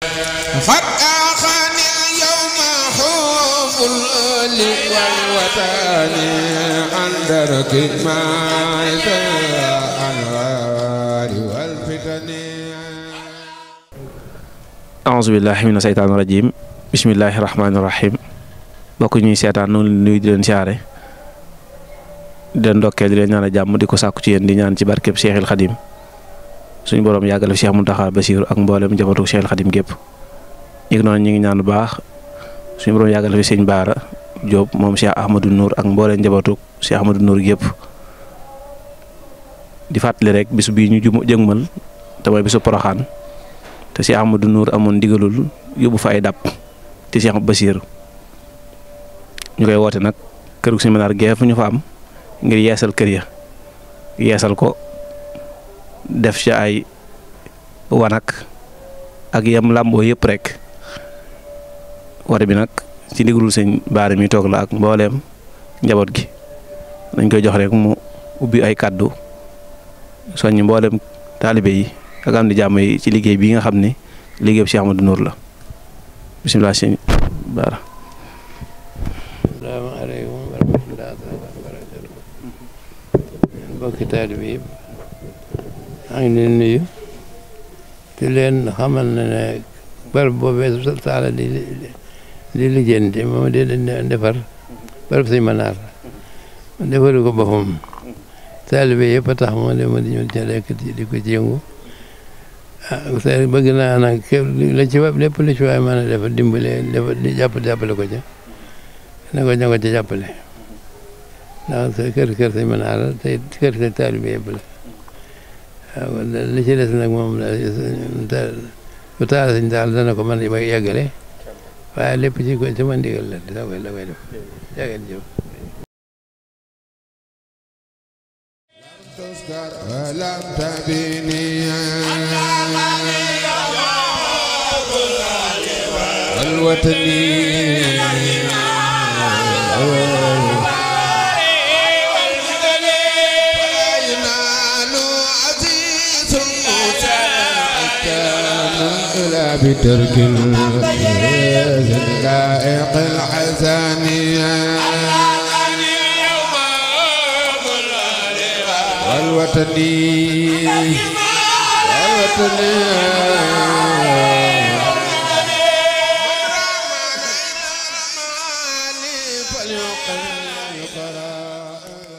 فتاخني يوم خوف الأولي والوطن عن درك ما الأنوار والفتن أعوذ بالله من الشيطان الرجيم بسم الله الرحمن الرحيم ñuy di leen siyaare di leen di leen ñaan di ko ci di ñaan ci suñu borom yagal Cheikh muntaha basir ak mbollem njabootu Cheikh Khadim gep yëg noonu ñu ngi ñaan baax suñu borom yagal fi seigne bara job mom Cheikh Ahmadou Nour ak mbollem njabootu Cheikh Ahmadou Nour gep di fàttali rek bisu bi ñu jëgmal ta mooy bisu Poroxaan te Cheikh Ahmadou Nour amon digelul yobu fa ay dàpp te Cheikh basir ñu koy wote nak kër gu suñu mënaar geef ñu fa am ngir yeesal keur ya yeesal ko def ci ay wanak ak yam lambo yep rek war bi nak ci ligul sëñ baara mi tok la ak mbollem njabot gi dañ koy jox rek mu ubi ay kaddu soñ mbollem taalibe yi ak am di jamm yi ci liggey bi nga xam liggey Cheikh Amadou Nour la bisimilah sëñ assalamu alaykum wa wa barakatuh bokki yëpp maa ngi leen nuyu di leen xamal ne ne barab di di lijjanti moom di defar barab si manaar defaru ko boppam taalibe yëpp a tax moo dema di ñëw ci lekk di ko ci yëngu ah, bëgg naa nag ci lépp lu ci waay mën a def dimbale def di jàpp jàppale ko ca ko ña kër kër si manaar te kër si taalibe yëpp la waaw li ci des nag moom lu taal sañ daal dana ko mën a yeggale waaye lépp ci ko ci ma ndigal la dina koy la koy def jageen jëf alam tabini alwatani بترك الغائق الحسانية والوطني والوطني